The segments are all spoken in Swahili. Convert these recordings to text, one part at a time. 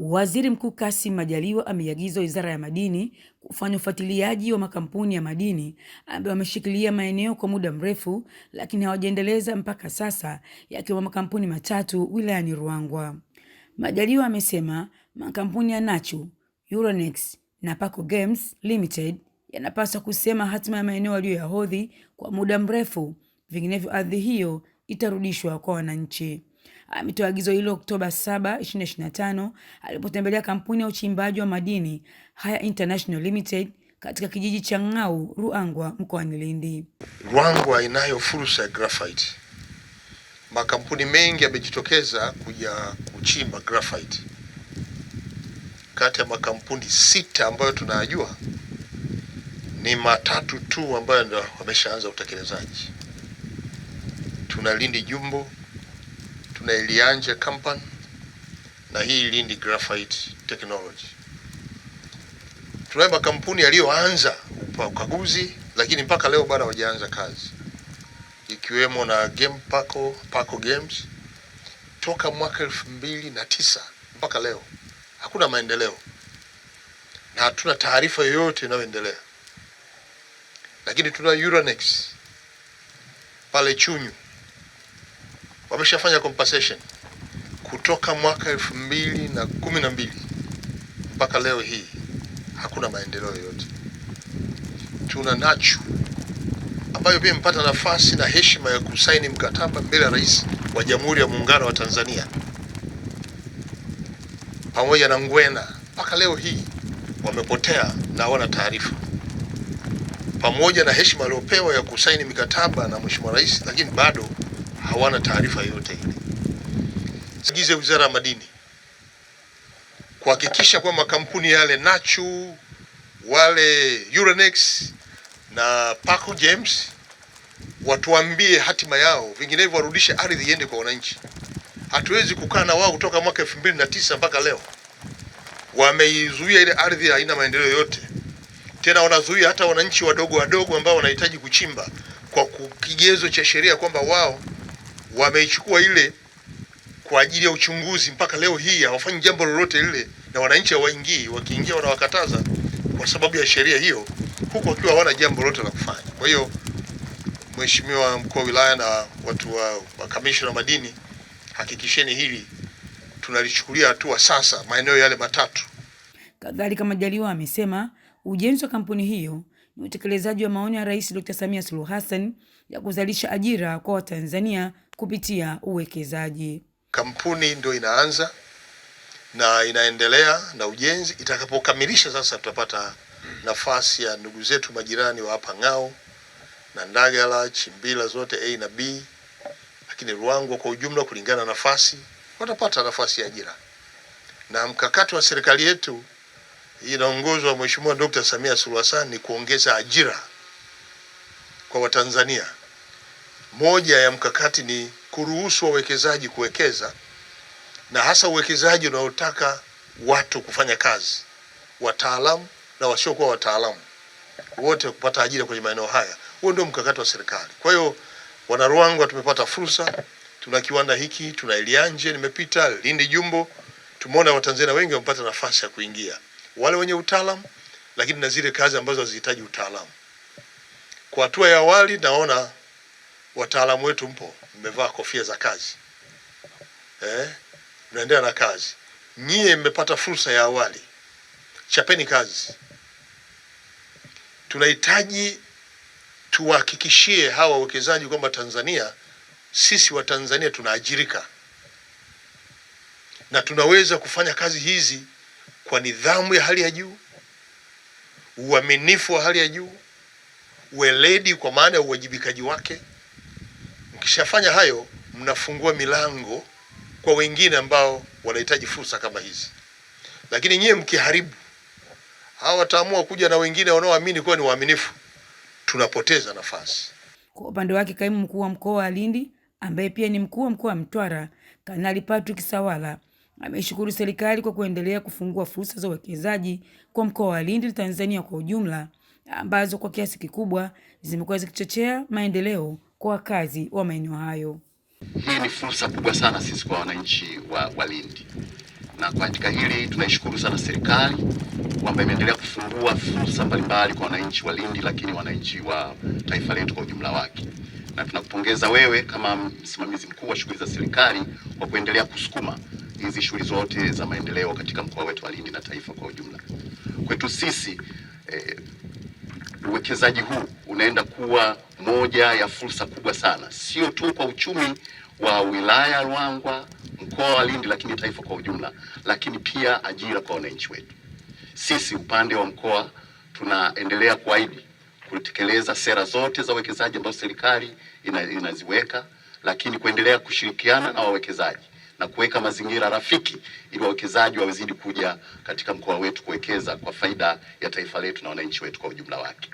Waziri Mkuu Kassim Majaliwa ameiagiza Wizara ya Madini kufanya ufuatiliaji wa makampuni ya madini ambayo wameshikilia maeneo kwa muda mrefu lakini hawajaendeleza mpaka sasa, yakiwemo makampuni matatu wilayani Ruangwa. Majaliwa amesema makampuni ya Nachu, Uranex na Paco Games Limited yanapaswa kusema hatima ya maeneo waliyoyahodhi kwa muda mrefu, vinginevyo ardhi hiyo itarudishwa kwa wananchi ametoa agizo hilo Oktoba 7, 2025 alipotembelea kampuni ya uchimbaji wa madini Haya International Limited katika kijiji cha Ng'au, Ruangwa, mkoani Lindi. Ruangwa inayo fursa ya graphite. Makampuni mengi yamejitokeza kuja kuchimba graphite. Kati ya makampuni sita ambayo tunayajua ni matatu tu ambayo ndo wameshaanza utekelezaji. Tuna Lindi Jumbo, tuna Company na hii Lindi Graphite Technology. Tunayo makampuni yaliyoanza ukaguzi lakini mpaka leo bado hawajaanza kazi, ikiwemo na Game Paco, Paco Games toka mwaka elfu mbili na tisa mpaka leo hakuna maendeleo na hatuna taarifa yoyote inayoendelea. Lakini tuna Uranex pale Chunyu wameshafanya compensation kutoka mwaka elfu mbili na kumi na mbili mpaka leo hii hakuna maendeleo yoyote. Tuna Nachu ambayo pia imepata nafasi na heshima ya kusaini mkataba mbele ya Rais wa Jamhuri ya Muungano wa Tanzania pamoja na Ngwena, mpaka leo hii wamepotea na hawana taarifa, pamoja na heshima aliyopewa ya kusaini mikataba na Mheshimiwa Rais, lakini bado hawana taarifa yoyote ile. Sigize Wizara ya Madini kuhakikisha kwamba makampuni yale Nachu wale Uranex na Paco James watuambie hatima yao, vinginevyo warudishe ardhi iende kwa wananchi. Hatuwezi kukaa na wao kutoka mwaka elfu mbili na tisa mpaka leo wameizuia ile ardhi, haina maendeleo yote. Tena wanazuia hata wananchi wadogo wadogo ambao wanahitaji kuchimba kwa kigezo cha sheria kwamba wao wameichukua ile kwa ajili ya uchunguzi, mpaka leo hii hawafanyi jambo lolote lile, na wananchi hawaingii, wakiingia wanawakataza kwa sababu ya sheria hiyo, huku wakiwa hawana jambo lolote la kufanya. Kwa hiyo Mheshimiwa mkuu wa wilaya na watu wa kamishna wa madini, hakikisheni hili tunalichukulia hatua sasa maeneo yale matatu. Kadhalika, Majaliwa amesema ujenzi wa kampuni hiyo ni utekelezaji wa maono ya Rais Dr. Samia Suluhu Hassan ya kuzalisha ajira kwa Watanzania kupitia uwekezaji. Kampuni ndio inaanza na inaendelea na ujenzi, itakapokamilisha sasa tutapata nafasi ya ndugu zetu majirani wa hapa Ng'au na Ndagala, Chimbila zote A na B, lakini Ruangwa kwa ujumla, kulingana na nafasi watapata nafasi ya ajira na mkakati wa serikali yetu inaongozwa Mheshimiwa Dkt. Samia Suluhu Hassan ni kuongeza ajira kwa Watanzania. Moja ya mkakati ni kuruhusu wawekezaji kuwekeza na hasa uwekezaji unaotaka watu kufanya kazi, wataalamu na wasiokuwa wataalamu wote kupata ajira kwenye maeneo haya. Huo ndio mkakati wa serikali. Kwa hiyo Wanaruangwa tumepata fursa, tuna kiwanda hiki, tuna Elianje, nimepita Lindi Jumbo, tumeona Watanzania wengi wamepata nafasi ya kuingia wale wenye utaalamu, lakini na zile kazi ambazo hazihitaji utaalamu. Kwa hatua ya awali, naona wataalamu wetu mpo, mmevaa kofia za kazi eh, mnaendelea na kazi. Nyie mmepata fursa ya awali, chapeni kazi. Tunahitaji tuwahakikishie hawa wawekezaji kwamba Tanzania, sisi wa tanzania tunaajirika na tunaweza kufanya kazi hizi kwa nidhamu ya hali ya juu, uaminifu wa hali ya juu, weledi kwa maana ya uwajibikaji wake. Mkishafanya hayo, mnafungua milango kwa wengine ambao wanahitaji fursa kama hizi. Lakini nyie mkiharibu, hawa wataamua kuja na wengine wanaoamini kuwa ni waaminifu, tunapoteza nafasi. Kwa upande wake, kaimu mkuu wa mkoa wa Lindi ambaye pia ni mkuu wa mkoa wa Mtwara, Kanali Patrick Sawala Ameishukuru serikali kwa kuendelea kufungua fursa za uwekezaji kwa mkoa wa Lindi na Tanzania kwa ujumla, ambazo kwa kiasi kikubwa zimekuwa zikichochea maendeleo kwa wakazi wa maeneo hayo. Hii ni fursa kubwa sana sisi kwa wananchi wa, wa Lindi na katika hili tunaishukuru sana serikali kwamba imeendelea kufungua fursa mbalimbali kwa wananchi wa Lindi, lakini wananchi wa taifa letu kwa ujumla wake, na tunakupongeza wewe kama msimamizi mkuu wa shughuli za serikali kwa kuendelea kusukuma hizi shughuli zote za maendeleo katika mkoa wetu wa Lindi na taifa kwa ujumla. Kwetu sisi eh, uwekezaji huu unaenda kuwa moja ya fursa kubwa sana, sio tu kwa uchumi wa wilaya Ruangwa, mkoa wa Lindi, lakini taifa kwa ujumla, lakini pia ajira kwa wananchi wetu. Sisi upande wa mkoa tunaendelea kuahidi kutekeleza sera zote za uwekezaji ambazo serikali inaziweka, lakini kuendelea kushirikiana na wawekezaji na kuweka mazingira rafiki ili wawekezaji wawezidi kuja katika mkoa wetu kuwekeza kwa faida ya taifa letu na wananchi wetu kwa ujumla wake.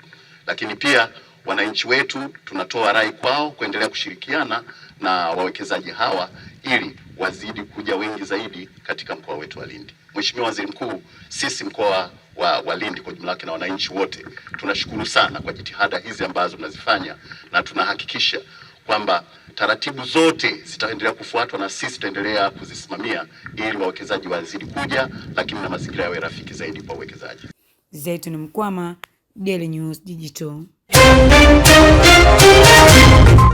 Lakini pia wananchi wetu tunatoa rai kwao kuendelea kushirikiana na wawekezaji hawa ili wazidi kuja wengi zaidi katika mkoa wetu wa Lindi. Mheshimiwa Waziri Mkuu, sisi mkoa wa, wa Lindi kwa jumla yake na wananchi wote tunashukuru sana kwa jitihada hizi ambazo mnazifanya na tunahakikisha kwamba taratibu zote zitaendelea kufuatwa na sisi tutaendelea kuzisimamia ili wawekezaji wazidi kuja, lakini na mazingira yawe rafiki zaidi kwa wawekezaji. Zaituni Mkwama, Daily News Digital.